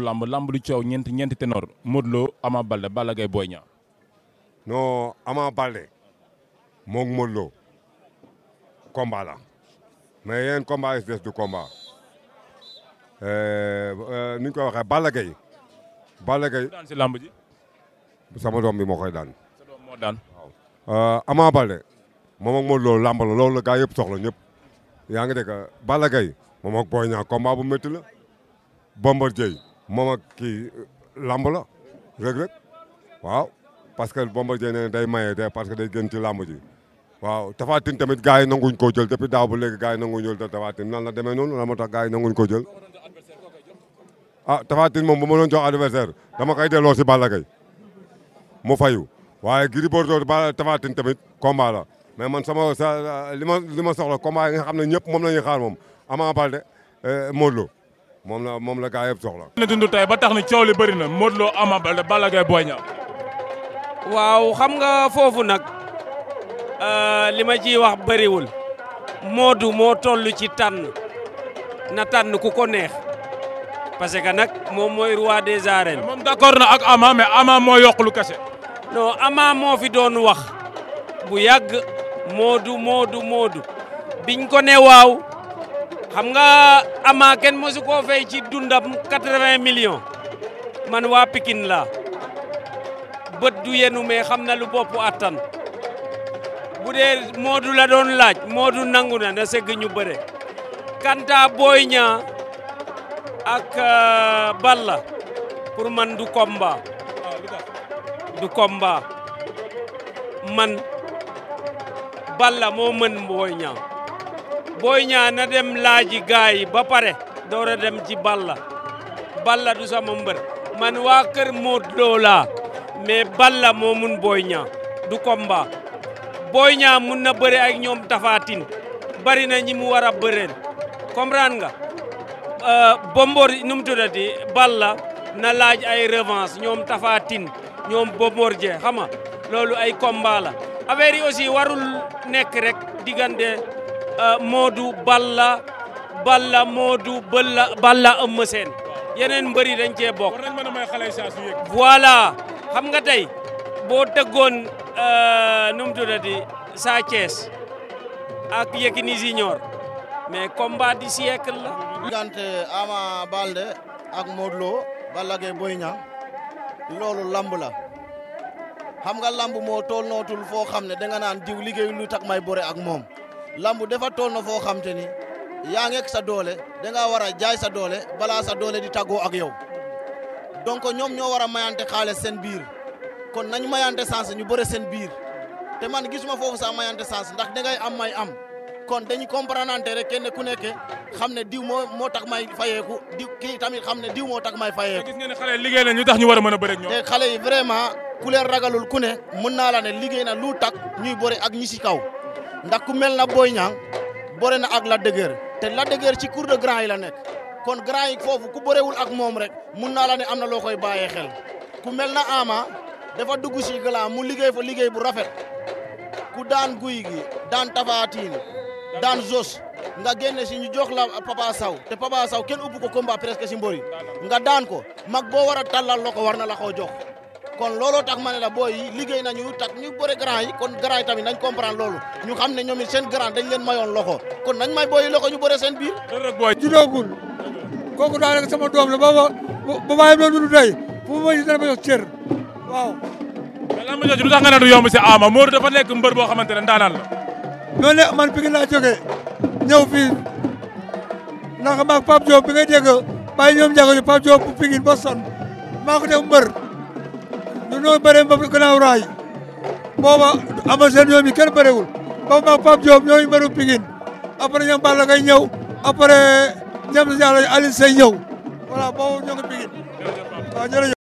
lamb lamb lu coow ñeenti ñeenti ténor Modou Lo Ama Baldé Balla Gaye Boy Niang non Ama Baldé moog Modou Lo combat la mais yeneen combat yi des du combat euh, euh, ni ñu waxee Balla Gaye Balla Gaye sama doom bi moo koy daan sa doom moo daan waaw euh, Ama Baldé la loolu gaa yëpp soxla ñëpp yaa ngi dégg Balla Gaye moom ak Boy Niang combat bu métti la Bombardier moom ak kii làmb la Reug Reug waaw parce que Bombardier nee day maye day parce que day gën ci làmb ji waaw Tapha tamit gars yi nanguñ koo jël depuis daaw bu léegi gars yi nanguñ jël Tapha Tine nan la demee noonu la moo tax gars yi nanguñ koo jël ah moom bu ma doon jox adversaire dama koy delloo si Balla Gaye mu fayu waaye Gris Bordeaux ba Tapha Tine tamit combat la mais man sama sa li ma li ma soxla combat yi nga xam ne ñëpp moom la ñu xaar moom Ama Baldé euh, Modou Lô moom la moom la gaa yëpp soxla. na dund tey ba tax na coow li bëri na Modou Lo Ama Baldé Balla Gaye Boy Niang waaw xam nga foofu nag euh, li ma ciy wax bariwul Modou moo toll ci tànn na tànn ku ko neex parce que nag moom mooy roi des arènes. moom d'accord na ak Ama mais Ama moo yokk lu kese. non Ama moo fi doon wax bu yàgg Modou Modou Modou biñ ko ne waaw. xam nga Ama kenn mosu koo fay ci dundam 80 millions man waa Pikine la bët du yenu mais xam na lu bopp attan bu dee Modou la doon laaj Modou nangu na na segg ñu bëre kanta Boy Niang ak euh, Balla pour man du combat du combat man Balla moo mën Boy Niang Boy Niang na dem laaji gaay yi ba pare door a dem ci Balla Balla du sama mbër man waa kër Modou Lo laa mais Balla moo mun booy ñaa du combat booy ñaa mun na bëre ak ñoom Tapha Tine bari na ñi mu war a bëreel comprendre nga euh, Bombardier nu mu tuddati Balla na laaj ay revanche ñoom Tapha Tine ñoom Bombardier xam nga loolu ay combat la affaire aussi warul nekk rek diggante Euh, Modou Balla Balla Modou Balla Balla Eumeu Sène yeneen mbër yi dañ cee bokk. voilà xam nga tey boo tëggoon euh, nu mu tuddati Sa Thiès ak Yékini Junior mais combat du siècle la. diggante Ama Balde ak Modou Balla Gaye Boy Niang loolu lamb la xam nga lamb moo toll nootul foo xam ne nga naan jiw liggéey lu tax may bore ak moom. lambu defa tool na foo xam te ni yaa ngeeg sa doole dangaa war a jaay sa doole balaa sa doole di tàggoo ak yow donc ñoom ñoo war a mayante xaalis seen biir kon nañ mayante sens ñu bore seen biir te man gisuma foofu sax mayante sens ndax dangay am may am kon dañu comprendre rek kenn ku nekk xam ne diw moo moo tax may fayeeku diw kii tamit xam ne diw moo tax may fayeeku. gis ngeen ne xale yi liggéey nañ ñu tax ñu war a mën a bëre ak xale yi vraiment ku leen ragalul ku ne mën naa la liggéey na lu tax ñuy bëre ak ñi si kaw. ndax ku mel na Boy Niang boore na ak Lac de te Lac de Guiers ci cour de grand yi la nekk kon grand yi foofu ku bërewul ak moom rek mun naa la am na loo koy bàyyee xel ku mel na Ama dafa dugg ci gala mu liggéey fa liggéey bu rafet ku daan guy gi daan tafaatiin daan jos nga génne si ñu jox la Papa Sow te Papa kenn ubbu ko combat presque si mbori nga daan ko mag boo war a tàllal loo ko war na la koo jox kon looloo tax ma ne la booy yi liggéey nañu tax ñu bëre grand yi kon grand yi tamit nañ comprendre loolu ñu xam ne ñoom it seen grand dañ leen mayoon loxo kon nañ may booy yi ñu bëre seen biir. rek booy judoogul kooku sama doom la ba ba ba bàyyi loolu du day fu ma gis dana ma jox cër waaw. mais lan ma jox ci lu tax nga ne du yomb si Ama Modou dafa nekk mbër boo xamante ne ndaanaan la. noonu la man Pikine laa jógee ñëw fii ndax maag Pape Diop bi nga dégg bàyyi nu ñoo bëree ba gannaaw raay booba ama seen ñoom yi kenn bëriwul boobu maag Pape Diop ñooy mbëru Pikine après ñoom Balla Gaye ñëw après ñoom Yàlla Alioune Seye ñëw voilà boobu ñoo ngi Pikine waaw jërëjëf